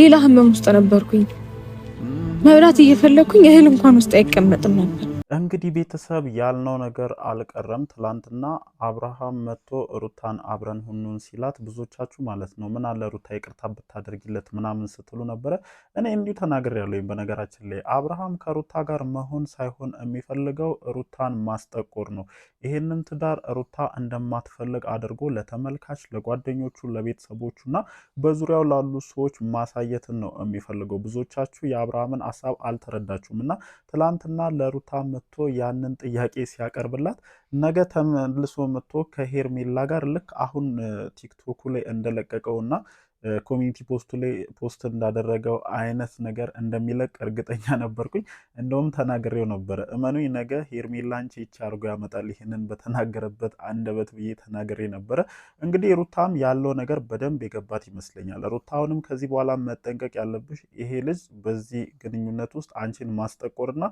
ሌላ ህመም ውስጥ ነበርኩኝ። መብላት እየፈለግኩኝ እህል እንኳን ውስጥ አይቀመጥም ነበር። እንግዲህ ቤተሰብ ያልነው ነገር አልቀረም። ትላንትና አብርሃም መጥቶ ሩታን አብረን ሁኑን ሲላት ብዙዎቻችሁ ማለት ነው ምን አለ ሩታ ይቅርታ ብታደርጊለት ምናምን ስትሉ ነበረ። እኔ እንዲሁ ተናገር ያለኝ በነገራችን ላይ አብርሃም ከሩታ ጋር መሆን ሳይሆን የሚፈልገው ሩታን ማስጠቆር ነው። ይህንን ትዳር ሩታ እንደማትፈልግ አድርጎ ለተመልካች ለጓደኞቹ፣ ለቤተሰቦቹ እና በዙሪያው ላሉ ሰዎች ማሳየትን ነው የሚፈልገው። ብዙዎቻችሁ የአብርሃምን ሀሳብ አልተረዳችሁም እና ትላንትና ለሩታ መጥቶ ያንን ጥያቄ ሲያቀርብላት ነገ ተመልሶ መጥቶ ከሄርሜላ ጋር ልክ አሁን ቲክቶኩ ላይ እንደለቀቀውና ኮሚኒቲ ፖስቱ ላይ ፖስት እንዳደረገው አይነት ነገር እንደሚለቅ እርግጠኛ ነበርኩኝ። እንደውም ተናግሬው ነበረ። እመኑኝ ነገ ሄርሜላን ቼቻ አድርጎ ያመጣል ይህንን በተናገረበት አንደበት ብዬ ተናግሬ ነበረ። እንግዲህ ሩታም ያለው ነገር በደንብ የገባት ይመስለኛል። ሩታውንም ከዚህ በኋላ መጠንቀቅ ያለብሽ ይሄ ልጅ በዚህ ግንኙነት ውስጥ አንቺን ማስጠቆርና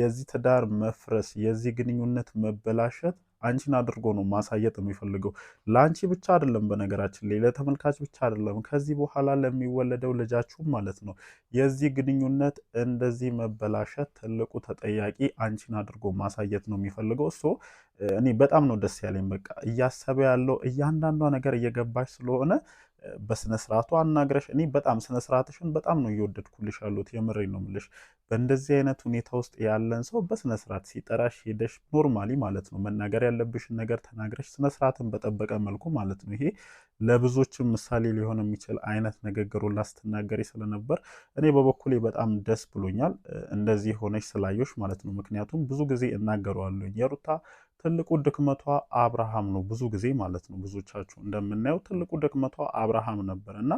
የዚህ ትዳር መፍረስ የዚህ ግንኙነት መበላሸት አንቺን አድርጎ ነው ማሳየት የሚፈልገው። ለአንቺ ብቻ አይደለም፣ በነገራችን ላይ ለተመልካች ብቻ አይደለም፣ ከዚህ በኋላ ለሚወለደው ልጃችሁም ማለት ነው። የዚህ ግንኙነት እንደዚህ መበላሸት ትልቁ ተጠያቂ አንቺን አድርጎ ማሳየት ነው የሚፈልገው እሱ። እኔ በጣም ነው ደስ ያለኝ። በቃ እያሰበ ያለው እያንዳንዷ ነገር እየገባች ስለሆነ በስነ ስርዓቱ አናግረሽ እኔ በጣም ስነ ስርዓትሽን በጣም ነው እየወደድኩልሽ ያሉት። የምሬ ነው ምልሽ። በእንደዚህ አይነት ሁኔታ ውስጥ ያለን ሰው በስነ ስርዓት ሲጠራሽ ሄደሽ ኖርማሊ ማለት ነው መናገር ያለብሽን ነገር ተናግረሽ ስነ ስርዓትን በጠበቀ መልኩ ማለት ነው ይሄ ለብዙዎችም ምሳሌ ሊሆን የሚችል አይነት ንግግሩን ላስተናገሪ ስለነበር እኔ በበኩሌ በጣም ደስ ብሎኛል፣ እንደዚህ ሆነች ስላየሽ ማለት ነው። ምክንያቱም ብዙ ጊዜ እናገረዋለኝ የሩታ ትልቁ ድክመቷ አብርሃም ነው። ብዙ ጊዜ ማለት ነው ብዙዎቻችሁ እንደምናየው ትልቁ ድክመቷ አብርሃም ነበር እና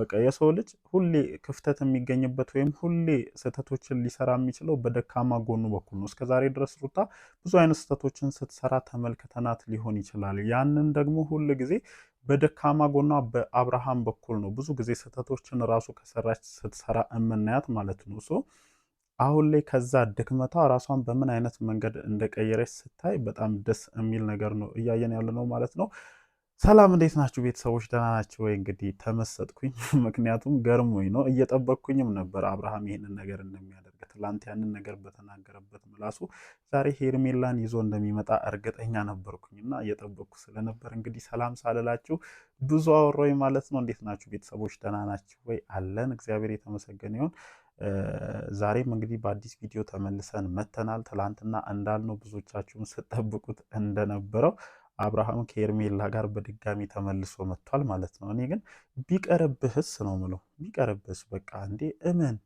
በቃ የሰው ልጅ ሁሌ ክፍተት የሚገኝበት ወይም ሁሌ ስህተቶችን ሊሰራ የሚችለው በደካማ ጎኑ በኩል ነው። እስከዛሬ ድረስ ሩታ ብዙ አይነት ስህተቶችን ስትሰራ ተመልክተናት ሊሆን ይችላል። ያንን ደግሞ ሁል ጊዜ በደካማ ጎኗ በአብርሃም በኩል ነው ብዙ ጊዜ ስህተቶችን ራሱ ከሰራች ስትሰራ እምናያት ማለት ነው። ሶ አሁን ላይ ከዛ ድክመቷ ራሷን በምን አይነት መንገድ እንደቀየረች ስታይ በጣም ደስ የሚል ነገር ነው እያየን ያለ ነው ማለት ነው። ሰላም እንዴት ናችሁ ቤተሰቦች? ደህና ናቸው ወይ? እንግዲህ ተመሰጥኩኝ፣ ምክንያቱም ገርሞኝ ነው እየጠበቅኩኝም ነበር አብርሃም ይህንን ነገር እንደሚያ ትላንት ያንን ነገር በተናገረበት ምላሱ ዛሬ ሄርሜላን ይዞ እንደሚመጣ እርግጠኛ ነበርኩኝ እና እየጠበቅኩ ስለነበር እንግዲህ ሰላም ሳልላችሁ ብዙ አወራሁኝ ማለት ነው። እንዴት ናችሁ ቤተሰቦች? ደህና ናችሁ ወይ? አለን እግዚአብሔር የተመሰገነ ይሁን። ዛሬም እንግዲህ በአዲስ ቪዲዮ ተመልሰን መተናል። ትላንትና እንዳልነው ብዙዎቻችሁም ስጠብቁት እንደነበረው አብርሃም ከሄርሜላ ጋር በድጋሚ ተመልሶ መጥቷል ማለት ነው። እኔ ግን ቢቀርብህስ ነው ምለው፣ ቢቀርብህስ በቃ እንዴ እመን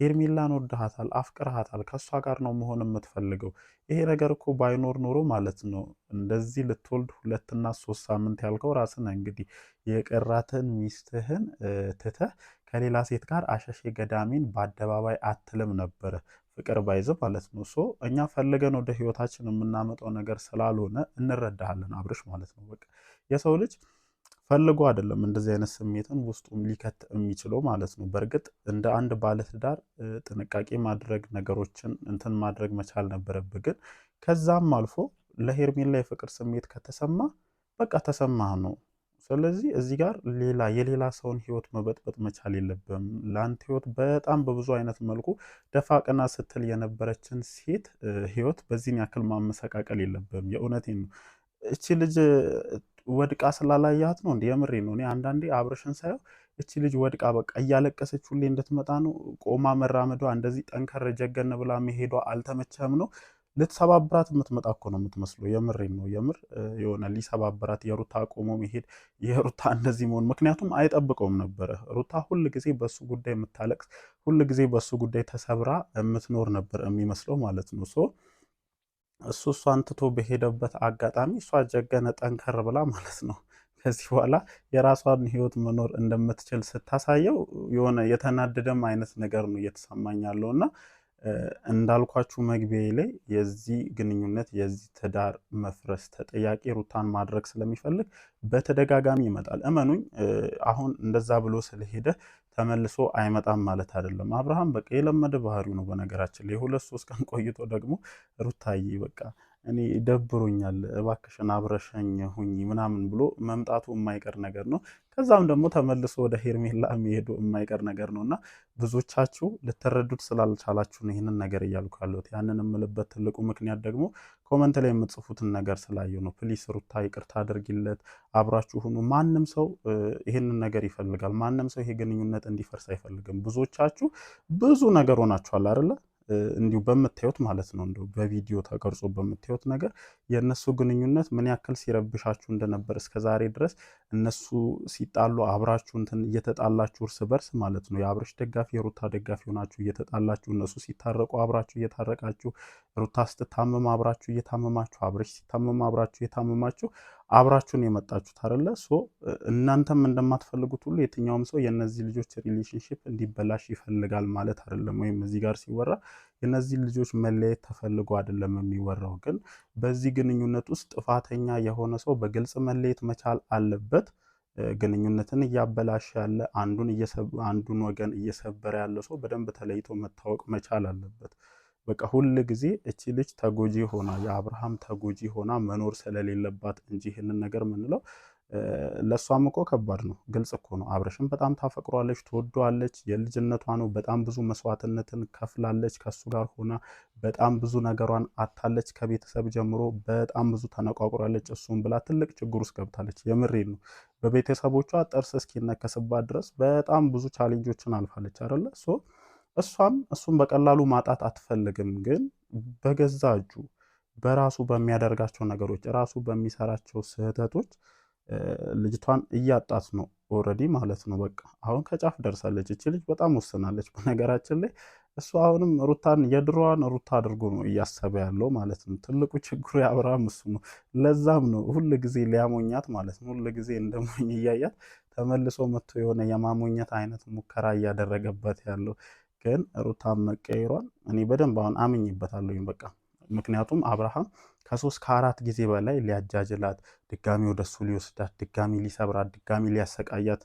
ሄርሜላን ወድሃታል፣ አፍቅርሃታል፣ ከእሷ ጋር ነው መሆን የምትፈልገው። ይሄ ነገር እኮ ባይኖር ኖሮ ማለት ነው እንደዚህ ልትወልድ ሁለትና ሶስት ሳምንት ያልከው ራስን እንግዲህ የቀራትን ሚስትህን ትተህ ከሌላ ሴት ጋር አሸሼ ገዳሜን በአደባባይ አትልም ነበረ። ፍቅር ባይዘ ማለት ነው ሶ እኛ ፈልገን ወደ ህይወታችን የምናመጣው ነገር ስላልሆነ እንረዳሃለን አብርሽ ማለት ነው። በቃ የሰው ልጅ ፈልጎ አይደለም እንደዚህ አይነት ስሜትን ውስጡም ሊከት የሚችለው ማለት ነው። በእርግጥ እንደ አንድ ባለትዳር ጥንቃቄ ማድረግ ነገሮችን እንትን ማድረግ መቻል ነበረብህ። ግን ከዛም አልፎ ለሄርሜላ የፍቅር ስሜት ከተሰማ በቃ ተሰማህ ነው። ስለዚህ እዚህ ጋር ሌላ የሌላ ሰውን ህይወት መበጥበጥ መቻል የለብም። ለአንተ ህይወት በጣም በብዙ አይነት መልኩ ደፋ ቀና ስትል የነበረችን ሴት ህይወት በዚህን ያክል ማመሰቃቀል የለብም። የእውነቴን ነው። እቺ ልጅ ወድቃ ስላላያት ነው እንዲ የምሬ ነው። እኔ አንዳንዴ አብርሽን ሳየው እቺ ልጅ ወድቃ በቃ እያለቀሰች ሁሌ እንድትመጣ ነው። ቆማ መራመዷ እንደዚህ ጠንከር ጀገን ብላ መሄዷ አልተመቸም ነው። ልትሰባብራት የምትመጣ እኮ ነው የምትመስለው። የምሬ ነው። የምር የሆነ ሊሰባብራት የሩታ ቆሞ መሄድ የሩታ እንደዚህ መሆን ምክንያቱም አይጠብቀውም ነበረ። ሩታ ሁል ጊዜ በሱ ጉዳይ የምታለቅስ ሁል ጊዜ በሱ ጉዳይ ተሰብራ የምትኖር ነበር የሚመስለው ማለት ነው ሶ እሱ እሷን ትቶ በሄደበት አጋጣሚ እሷ ጀገነ ጠንከር ብላ ማለት ነው። ከዚህ በኋላ የራሷን ህይወት መኖር እንደምትችል ስታሳየው የሆነ የተናደደም አይነት ነገር ነው እየተሰማኝ ያለው እና እንዳልኳችሁ መግቢያ ላይ የዚህ ግንኙነት የዚህ ትዳር መፍረስ ተጠያቂ ሩታን ማድረግ ስለሚፈልግ በተደጋጋሚ ይመጣል። እመኑኝ፣ አሁን እንደዛ ብሎ ስለሄደ ተመልሶ አይመጣም ማለት አይደለም። አብርሃም በቃ የለመደ ባህሪው ነው። በነገራችን ላይ የሁለት ሶስት ቀን ቆይቶ ደግሞ ሩታዬ በቃ እኔ ደብሮኛል እባክሽን አብረሸኝ ሁኝ ምናምን ብሎ መምጣቱ የማይቀር ነገር ነው። ከዛም ደግሞ ተመልሶ ወደ ሄርሜላ የሚሄዱ የማይቀር ነገር ነው እና ብዙቻችሁ ልትረዱት ስላልቻላችሁ ነው ይህንን ነገር እያልኩ ያለሁት። ያንን የምልበት ትልቁ ምክንያት ደግሞ ኮመንት ላይ የምጽፉትን ነገር ስላየ ነው። ፕሊስ ሩታ ይቅርታ አድርጊለት፣ አብራችሁ ሁኑ። ማንም ሰው ይህንን ነገር ይፈልጋል። ማንም ሰው ይሄ ግንኙነት እንዲፈርስ አይፈልግም። ብዙዎቻችሁ ብዙ ነገር ሆናችኋል አይደለ እንዲሁ በምታዩት ማለት ነው እንደው በቪዲዮ ተቀርጾ በምታዩት ነገር የእነሱ ግንኙነት ምን ያክል ሲረብሻችሁ እንደነበር እስከ ዛሬ ድረስ እነሱ ሲጣሉ አብራችሁ እንትን እየተጣላችሁ እርስ በርስ ማለት ነው የአብርሽ ደጋፊ የሩታ ደጋፊ ሆናችሁ እየተጣላችሁ እነሱ ሲታረቁ አብራችሁ እየታረቃችሁ ሩታ ስትታመም አብራችሁ እየታመማችሁ አብርሽ ሲታመም አብራችሁ እየታመማችሁ አብራችሁን የመጣችሁት አይደለ? ሶ እናንተም እንደማትፈልጉት ሁሉ የትኛውም ሰው የእነዚህ ልጆች ሪሌሽንሽፕ እንዲበላሽ ይፈልጋል ማለት አይደለም። ወይም እዚህ ጋር ሲወራ የእነዚህ ልጆች መለየት ተፈልጎ አይደለም የሚወራው። ግን በዚህ ግንኙነት ውስጥ ጥፋተኛ የሆነ ሰው በግልጽ መለየት መቻል አለበት። ግንኙነትን እያበላሸ ያለ አንዱን ወገን እየሰበረ ያለ ሰው በደንብ ተለይቶ መታወቅ መቻል አለበት። በቃ ሁል ጊዜ እቺ ልጅ ተጎጂ ሆና የአብርሃም ተጎጂ ሆና መኖር ስለሌለባት እንጂ ይህንን ነገር ምንለው ለእሷም እኮ ከባድ ነው። ግልጽ እኮ ነው። አብረሽም በጣም ታፈቅሯለች፣ ትወደዋለች። የልጅነቷ ነው። በጣም ብዙ መስዋዕትነትን ከፍላለች። ከሱ ጋር ሆና በጣም ብዙ ነገሯን አታለች። ከቤተሰብ ጀምሮ በጣም ብዙ ተነቋቁራለች። እሱም ብላ ትልቅ ችግር ውስጥ ገብታለች። የምሬ ነው። በቤተሰቦቿ ጥርስ እስኪነከስባት ድረስ በጣም ብዙ ቻሌንጆችን አልፋለች አይደለ እሷም እሱን በቀላሉ ማጣት አትፈልግም። ግን በገዛ እጁ በራሱ በሚያደርጋቸው ነገሮች ራሱ በሚሰራቸው ስህተቶች ልጅቷን እያጣት ነው ኦልሬዲ ማለት ነው። በቃ አሁን ከጫፍ ደርሳለች እች ልጅ በጣም ወስናለች። በነገራችን ላይ እሱ አሁንም ሩታን የድሮዋን ሩታ አድርጎ ነው እያሰበ ያለው ማለት ነው። ትልቁ ችግሩ የአብርሃም እሱ ነው። ለዛም ነው ሁል ጊዜ ሊያሞኛት ማለት ነው። ሁል ጊዜ እንደሞኝ እያያት ተመልሶ መጥቶ የሆነ የማሞኘት አይነት ሙከራ እያደረገበት ያለው ግን ሩታም መቀየሯን እኔ በደንብ አሁን አምኝበታለሁ። በቃ ምክንያቱም አብርሃም ከሶስት ከአራት ጊዜ በላይ ሊያጃጅላት፣ ድጋሚ ወደሱ ሊወስዳት፣ ድጋሚ ሊሰብራት፣ ድጋሚ ሊያሰቃያት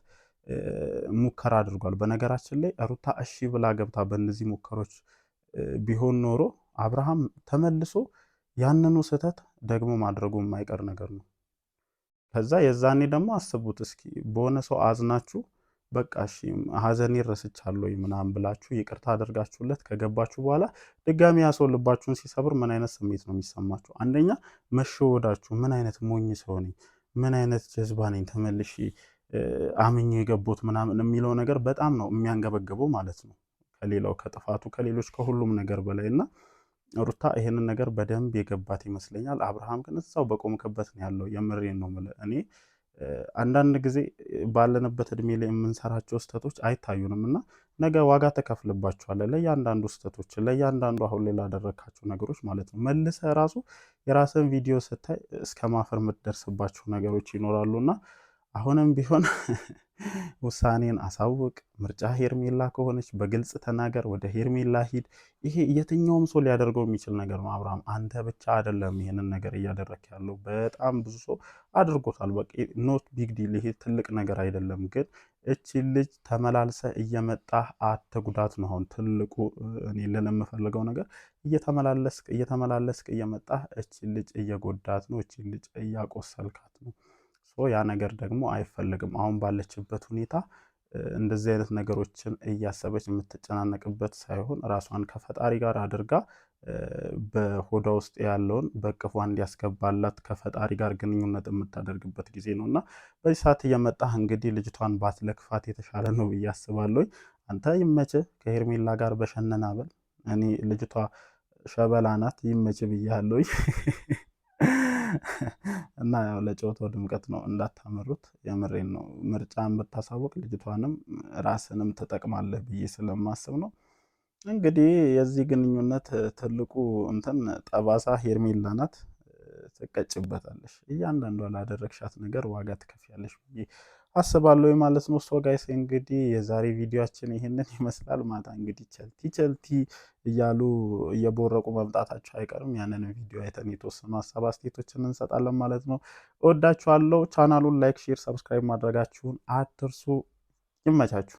ሙከራ አድርጓል። በነገራችን ላይ ሩታ እሺ ብላ ገብታ በእነዚህ ሙከሮች ቢሆን ኖሮ አብርሃም ተመልሶ ያንኑ ስህተት ደግሞ ማድረጉ የማይቀር ነገር ነው። ከዛ የዛኔ ደግሞ አስቡት እስኪ በሆነ ሰው አዝናችሁ በቃ እሺ ሀዘኔ ረስቻለሁ ምናምን ብላችሁ ይቅርታ አድርጋችሁለት ከገባችሁ በኋላ ድጋሚ ያ ሰው ልባችሁን ሲሰብር ምን አይነት ስሜት ነው የሚሰማችሁ? አንደኛ መሸወዳችሁ፣ ምን አይነት ሞኝ ሰው ነኝ፣ ምን አይነት ጀዝባ ነኝ፣ ተመልሼ አምኜ የገቦት ምናምን የሚለው ነገር በጣም ነው የሚያንገበግበው ማለት ነው። ከሌላው ከጥፋቱ ከሌሎች ከሁሉም ነገር በላይ እና ሩታ ይሄንን ነገር በደንብ የገባት ይመስለኛል። አብርሃም ግን እዛው በቆምክበት ነው ያለው። የምሬን ነው የምልህ እኔ አንዳንድ ጊዜ ባለንበት እድሜ ላይ የምንሰራቸው ስህተቶች አይታዩንም እና ነገ ዋጋ ተከፍልባቸዋለ ለእያንዳንዱ ስህተቶች፣ ለእያንዳንዱ አሁን ላይ ላደረግካቸው ነገሮች ማለት ነው። መልሰ ራሱ የራስን ቪዲዮ ስታይ እስከ ማፈር የምትደርስባቸው ነገሮች ይኖራሉ እና አሁንም ቢሆን ውሳኔን አሳውቅ። ምርጫ ሄርሜላ ከሆነች በግልጽ ተናገር። ወደ ሄርሜላ ሂድ። ይሄ የትኛውም ሰው ሊያደርገው የሚችል ነገር ነው። አብርሃም አንተ ብቻ አይደለም ይሄንን ነገር እያደረክ ያለው፣ በጣም ብዙ ሰው አድርጎታል። በቃ ኖት ቢግ ዲል፣ ይሄ ትልቅ ነገር አይደለም። ግን እቺ ልጅ ተመላልሰ እየመጣ አትጉዳት ነው አሁን ትልቁ እኔ ልን የምፈልገው ነገር እየተመላለስክ እየተመላለስክ እየመጣ እቺ ልጅ እየጎዳት ነው። እቺ ልጅ እያቆሰልካት ነው። ያ ነገር ደግሞ አይፈልግም። አሁን ባለችበት ሁኔታ እንደዚህ አይነት ነገሮችን እያሰበች የምትጨናነቅበት ሳይሆን ራሷን ከፈጣሪ ጋር አድርጋ በሆዷ ውስጥ ያለውን በቅፏ እንዲያስገባላት ከፈጣሪ ጋር ግንኙነት የምታደርግበት ጊዜ ነው እና በዚህ ሰዓት እየመጣህ እንግዲህ ልጅቷን ባትለክፋት የተሻለ ነው ብዬ አስባለሁ። አንተ ይመችህ፣ ከሄርሜላ ጋር በሸነና በል። እኔ ልጅቷ ሸበላ ናት፣ ይመችህ ብያለሁ። እና ያው ለጨዋታው ድምቀት ነው እንዳታመሩት። የምሬን ነው። ምርጫን ብታሳውቅ ልጅቷንም ራስንም ትጠቅማለህ ብዬ ስለማስብ ነው። እንግዲህ የዚህ ግንኙነት ትልቁ እንትን ጠባሳ ሄርሜላ ናት። ትቀጭበታለሽ። እያንዳንዷ ላደረግሻት ነገር ዋጋ ትከፍያለሽ ብዬ አስባለሁ ማለት ነው። ሶ እንግዲህ የዛሬ ቪዲዮችን ይህንን ይመስላል። ማታ እንግዲህ ቸልቲ ቸልቲ እያሉ እየቦረቁ መምጣታቸው አይቀርም። ያንን ቪዲዮ አይተን የተወሰኑ ሀሳብ አስቴቶችን እንሰጣለን ማለት ነው። እወዳችኋለሁ። ቻናሉን ላይክ፣ ሼር፣ ሰብስክራይብ ማድረጋችሁን አትርሱ። ይመቻችሁ።